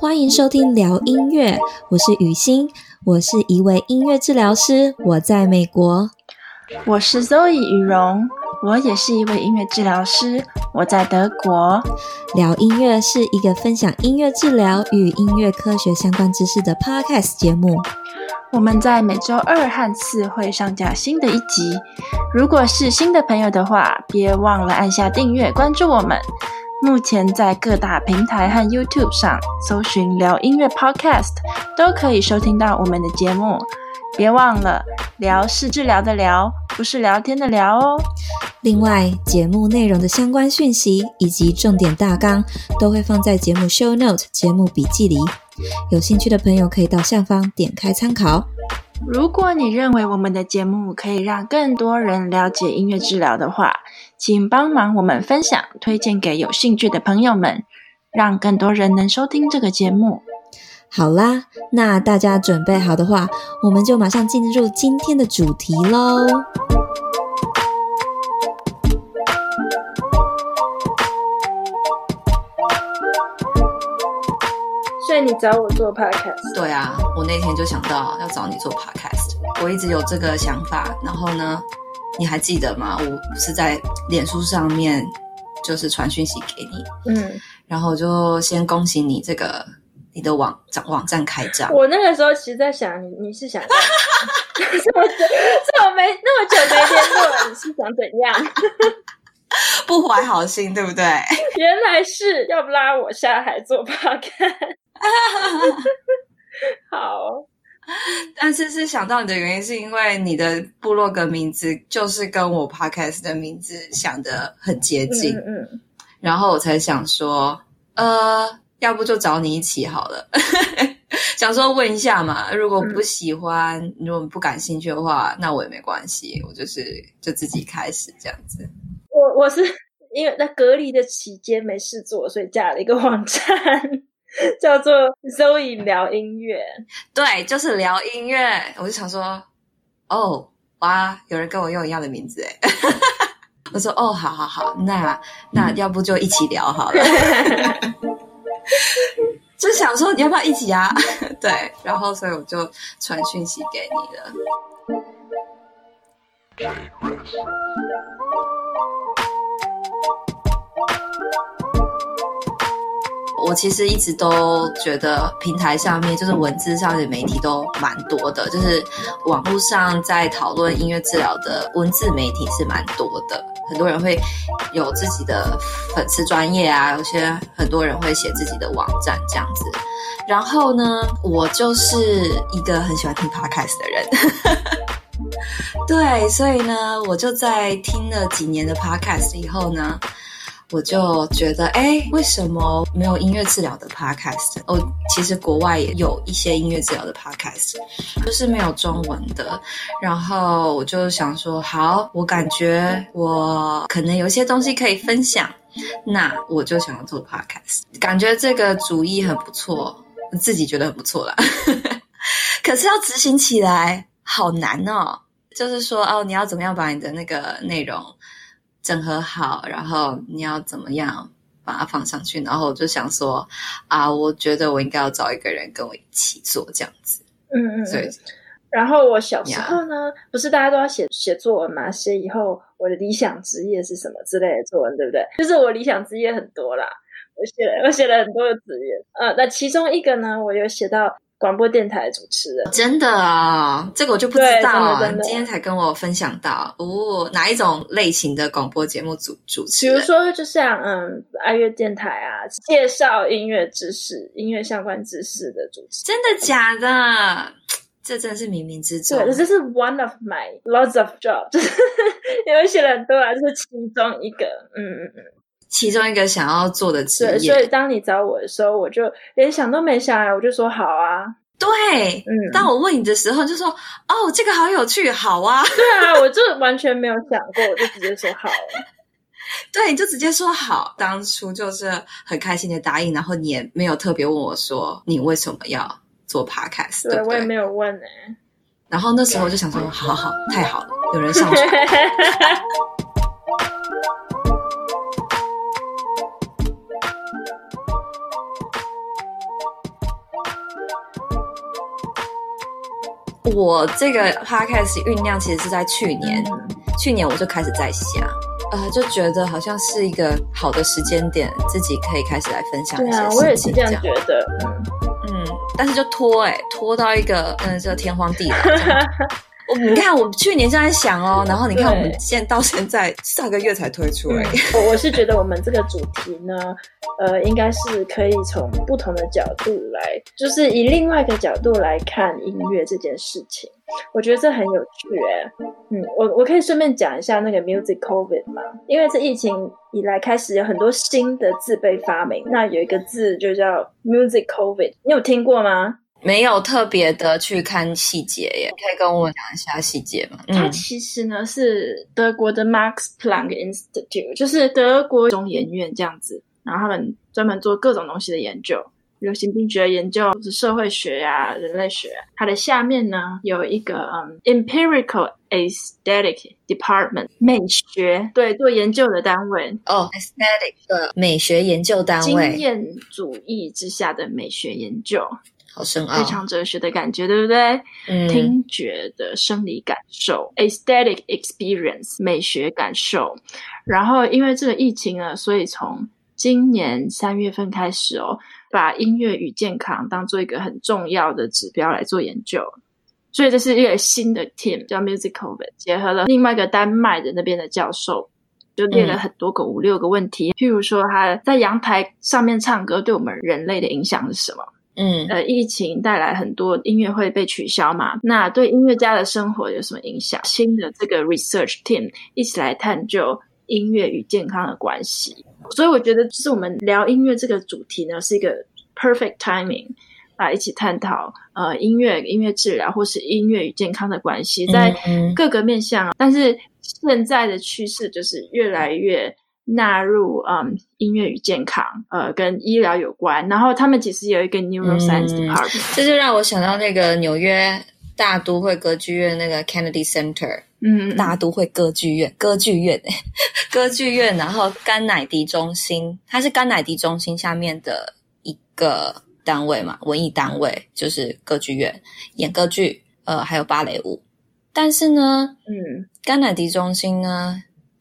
歡迎收聽《療音樂》，我是雨欣，我是一位音樂治療師，我在美國；我是 Zoe 雨榮，我也是一位音樂治療師，我在德國。療音樂是一個分享音樂治療與音樂科學相關知識的 Podcast 節目，我們在每週二和四會上架新的一集。如果是新的朋友的話，別忘了按下訂閱關注我們。目前在各大平台和 YouTube 上搜尋“療音樂 Podcast”，都可以收聽到我們的節目。別忘了“療”是治療的療，不是聊天的聊哦。另外，節目內容的相關訊息以及重點大綱都會放在節目 Show Note（ 節目筆記）裡，有興趣的朋友可以到下方點開參考。如果你認為我們的節目可以讓更多人了解音樂治療的話，請幫忙我們分享推薦給有興趣的朋友們，讓更多人能收聽這個節目。好啦，那大家準備好的話，我們就馬上進入今天的主題嘍。所以你找我做 Podcast？對啊，我那天就想到要找你做 Podcast。我一直有這個想法，然後呢，你還記得嗎？我是在臉書上面就是傳訊息給你，嗯，然後就先恭喜你這個你的網網站開張。我那個時候其實在想，你你是想怎？這麼這麼沒那麼久沒聯絡，你是想怎樣？ 不懷好心，對不對？ 原來是要不拉我下海做 Podcast。哈哈哈好，但是是想到你的原因是因為你的部落格名字就是跟我 Podcast 的名字想得很接近，嗯嗯，然後我才想說，呃，要不就找你一起好了， 想說問一下嘛，如果不喜歡，嗯，如果不感興趣的話，那我也沒關係，我就是就自己開始這樣子。我我是因為在隔離的期間沒事做，所以架了一個網站。 叫做 Zoe 聊音樂，對，就是聊音樂。我就想說，哦，哇，有人跟我用一樣的名字哎！ 我說，哦，好好好，那那要不就一起聊好了。 就想說你要不要一起啊？ 對，然後所以我就傳訊息給你的。 我其實一直都覺得平台上面就是文字上的媒體都蠻多的，就是網絡上在討論音樂治療的文字媒體是蠻多的，很多人會有自己的粉絲專頁啊，有些很多人會寫自己的網站這樣子。然後呢，我就是一個很喜歡聽 Podcast 的人， 對，所以呢，我就在聽了幾年的 Podcast 以後呢。我就覺得，哎，為什麼沒有音樂治療的 podcast？哦，其實國外也有一些音樂治療的 podcast，就是沒有中文的。然後我就想說，好，我感覺我可能有一些東西可以分享，那我就想要做 podcast，感覺這個主意很不錯，自己覺得很不錯啦。 可是要執行起來好難哦，就是說，哦，你要怎麼樣把你的那個內容整合好，然後你要怎麼樣把它放上去？然後我就想說啊，我覺得我應該要找一個人跟我一起做這樣子。嗯嗯，對。然後我小時候呢，不是大家都要寫寫作文嘛，寫以後我的理想職業是什麼之類的作文，對不對？就是我理想職業很多啦，我寫了我寫了很多的職業。呃、嗯，那其中一個呢，我有寫到。廣播電台主持人，真的啊、哦，這個我就不知道啊，真的真的今天才跟我分享到哦，哪一種類型的廣播節目主主持？比如說，就像嗯，愛樂電台啊，介紹音樂知識、音樂相關知識的主持。真的假的？這真的是冥冥之中，對，這是 one of my lots of jobs， 因為寫了很多啊來、就是其中一個，嗯嗯嗯。其中一個想要做的職業，對，所以當你找我的時候，我就連想都沒想啊，我就說好啊。對，嗯，當我問你的時候，就說、嗯、哦，這個好有趣，好啊。對啊，我就完全沒有想過， 我就直接說好。對，你就直接說好，當初就是很開心的答應，然後你也沒有特別問我說你為什麼要做 podcast 對，對，對我也沒有問呢、欸。然後那時候我就想說，好好，太好了，有人上去 我這個 Podcast 醞釀，其實是在去年，嗯，去年我就開始在想，呃，就覺得好像是一個好的時間點，自己可以開始來分享一些事情，對啊。我也是這樣覺得，嗯，但是就拖誒、欸，拖到一個，嗯，就天荒地老。 我你看，我去年就在想哦，然後你看，我們現在到現在上個月才推出誒、欸嗯、我我是覺得我們這個主題呢，呃，應該是可以從不同的角度來，就是以另外一個角度來看音樂這件事情。我覺得這很有趣哎、欸。嗯，我我可以順便講一下那個 Musicovid 嗎？因為這疫情以來，開始有很多新的字被發明。那有一個字就叫 Musicovid，你有聽過嗎？沒有特別的去看細節耶，你可以跟我講一下細節嗎？嗯、它其實呢是德國的 Max Planck Institute，就是德國中研院這樣子。然後他們專門做各種東西的研究，流行病學研究、社會學啊、人類學啊。它的下面呢有一個、um, Empirical Aesthetic Department，美學，對，做研究的單位哦、oh,，Aesthetic 的美學研究單位，經驗主義之下的美學研究。好深奧，非常哲學的感覺，對不對？嗯、聽覺的生理感受，aesthetic experience，美學感受。然後因為這個疫情呢，所以從今年三月份開始哦，把音樂與健康當做一個很重要的指標來做研究。所以這是一個新的 team 叫 Musicovid，結合了另外一個丹麥的那邊的教授，就列了很多個五六個問題，嗯、譬如說他在陽台上面唱歌對我們人類的影響是什麼？嗯，呃，疫情帶來很多音樂會被取消嘛，那對音樂家的生活有什麼影響？新的這個 research team 一起來探究音樂與健康的關係，所以我覺得就是我們療音樂這個主題呢，是一個 perfect timing 來、呃、一起探討呃音樂、音樂治療或是音樂與健康的關係，在各個面向、啊。但是現在的趨勢就是越來越。納入嗯，音樂與健康，呃，跟醫療有關。然後他們其實有一個 neuroscience department，嗯，這就讓我想到那個紐約大都會歌劇院，嗯，那個 Kennedy Center，嗯，大都會歌劇院，歌劇院，欸，歌劇院。然後甘乃迪中心，它是甘乃迪中心下面的一個單位嘛，文藝單位，就是歌劇院演歌劇，呃，還有芭蕾舞。但是呢，嗯，甘乃迪中心呢。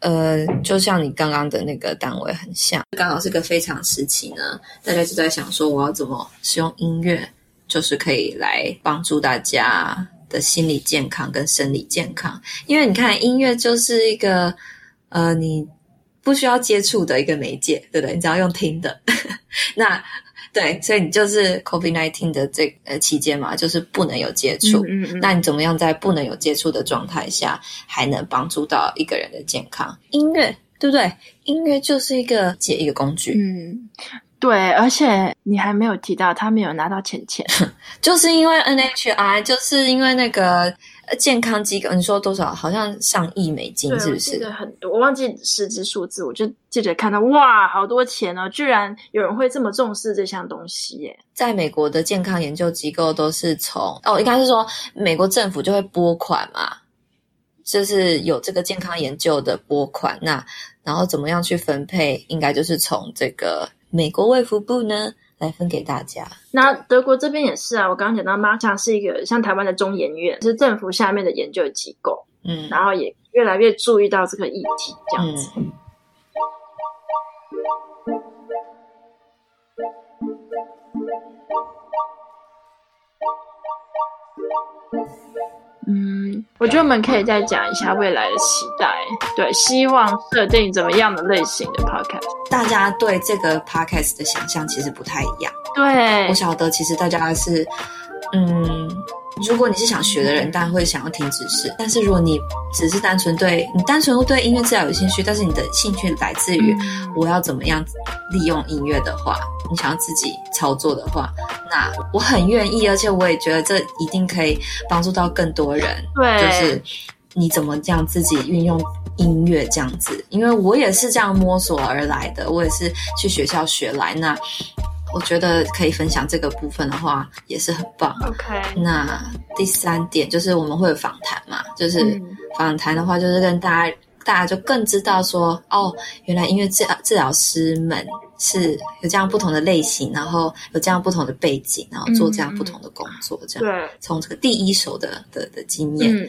呃，就像你剛剛的那個單位很像，剛好是個非常時期呢，大家就在想說，我要怎麼使用音樂，就是可以來幫助大家的心理健康跟生理健康，因為你看音樂就是一個呃你不需要接觸的一個媒介，對不對？你只要用聽的 那。對，所以你就是 COVID-19 的這、呃、期間嘛，就是不能有接觸。嗯，嗯嗯，那你怎麼樣在不能有接觸的狀態下，還能幫助到一個人的健康？音樂，對不對？音樂就是一個解，一個工具。嗯，對。而且你還沒有提到他沒有拿到錢錢， 就是因為 NHI，就是因為那個。健康機構，你說多少？好像上億美金，是不是？對，這個、很多。我忘記實質數字，我就記得看到，哇，好多錢哦，居然有人會這麼重視這項東西耶。在美國的健康研究機構都是從哦，應該是說美國政府就會撥款嘛，就是有這個健康研究的撥款。那然後怎麼樣去分配？應該就是從這個美國衛福部呢。來分給大家。那德國這邊也是啊，我剛剛講到馬強是一個像台灣的中研院，是政府下面的研究機構，嗯，然後也越來越注意到這個議題，這樣子。嗯嗯，我覺得我們可以再講一下未來的期待。對，希望設定怎麼樣的類型的 Podcast？大家對這個 Podcast 的想象其實不太一樣。對，我曉得，其實大家是，嗯。如果你是想學的人，大家會想要聽知識。是，但是如果你只是單純對你單純會對音樂治療有興趣，但是你的興趣來自於我要怎麼樣利用音樂的話，你想要自己操作的話，那我很願意，而且我也覺得這一定可以幫助到更多人。對，就是你怎麼這樣自己運用音樂這樣子？因為我也是這樣摸索而來的，我也是去學校學來那。我覺得可以分享這個部分的話，也是很棒。OK，那第三點就是我們會有訪談嘛，就是訪談的話，就是跟大家、嗯，大家就更知道說，哦，原來音樂治治療師們是有這樣不同的類型，然後有這樣不同的背景，然後做這樣不同的工作，嗯、這樣對，從這個第一手的的的經驗、嗯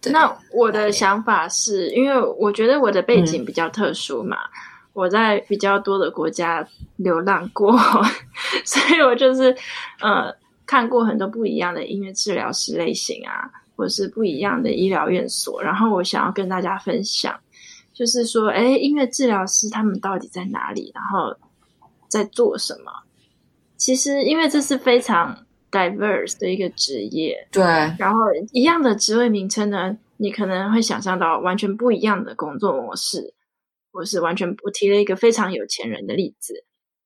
對。那我的想法是因為我覺得我的背景比較特殊嘛。嗯我在比較多的國家流浪過， 所以我就是呃看過很多不一樣的音樂治療師類型啊，或是不一樣的醫療院所。然後我想要跟大家分享，就是說，哎，音樂治療師他們到底在哪裡？然後在做什麼？其實，因為這是非常 diverse 的一個職業，對。然後，一樣的職位名稱呢，你可能會想象到完全不一樣的工作模式。我是完全我提了一個非常有錢人的例子，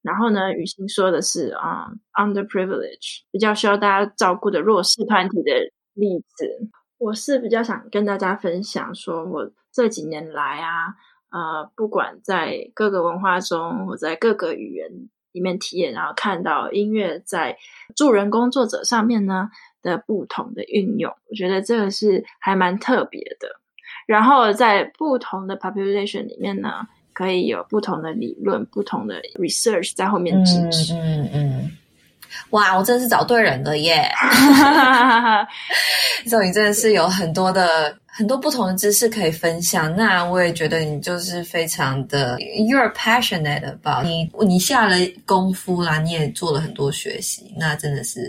然後呢，雨欣說的是啊，uh，underprivileged 比較需要大家照顧的弱勢團體的例子。我是比較想跟大家分享說，我這幾年來啊，呃，不管在各個文化中，我在各個語言裡面體驗，然後看到音樂在助人工作者上面呢的不同的運用，我覺得這個是還蠻特別的。然後在不同的 population 裡面呢，可以有不同的理論、不同的 research 在後面支持。嗯嗯，嗯。哇，我真的是找對人了耶！所以 你、 so、真的是有很多的很多不同的知識可以分享。那我也覺得你就是非常的，you're passionate about 你你下了功夫啦，你也做了很多學習，那真的是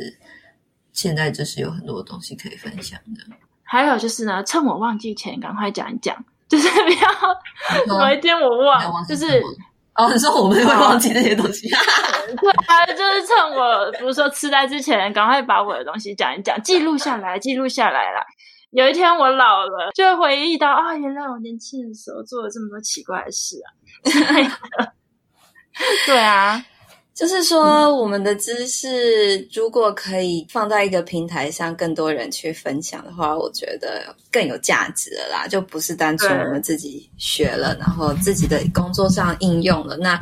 現在就是有很多東西可以分享的。還有就是呢，趁我忘記前，趕快講一講，就是不要有一天我忘， 就是、就是、哦，你說我們會忘記那些東西， 對啊，就是趁我，比如說痴呆之前，趕快把我的東西講一講，記錄下來，記錄下來啦，有一天我老了，就會回憶到啊，原 來、哦、我年輕的時候做了這麼多奇怪的事啊， 對，的 對啊。就是說，我們的知識如果可以放在一個平台上，更多人去分享的話，我覺得更有價值了啦。就不是單純我們自己學了，然後自己的工作上應用了。那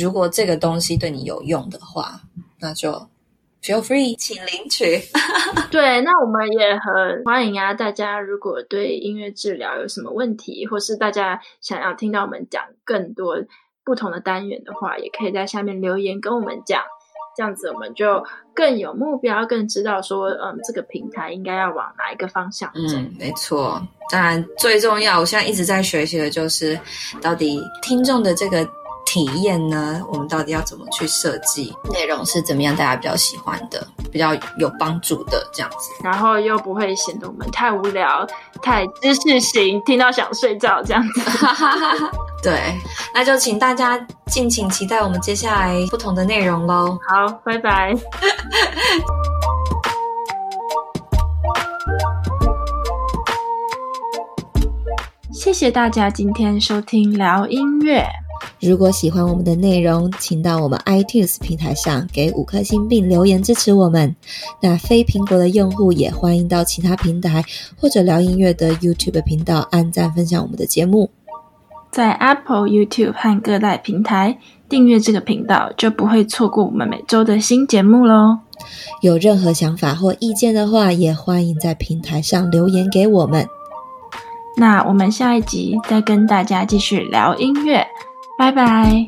如果這個東西對你有用的話，那就 feel free，請領取。對，那我們也很歡迎啊！大家如果對音樂治療有什麼問題，或是大家想要聽到我們講更多，不同的單元的話，也可以在下面留言跟我們講，這樣子我們就更有目標，更知道說，嗯，這個平台應該要往哪一個方向。嗯，沒錯。當然，最重要，我現在一直在學習的就是，到底聽眾的這個體驗呢，我們到底要怎麼去設計內容是怎麼樣？大家比較喜歡的，比較有幫助的這樣子，然後又不會顯得我們太無聊、太知識型，聽到想睡覺這樣子。 對，那就請大家敬請期待我們接下來不同的內容嘍。好，拜拜。 謝謝大家今天收聽療音樂。如果喜歡我們的內容，請到我們 iTunes 平台上給五顆星並留言支持我們。那非蘋果的用戶也歡迎到其他平台或者療音樂的 YouTube 頻道按讚分享我們的節目。在 Apple、YouTube 和各大平台訂閱這個頻道，就不會錯過我們每周的新節目嘍。有任何想法或意見的話，也歡迎在平台上留言給我們。那我們下一集再跟大家繼續聊音樂，拜拜。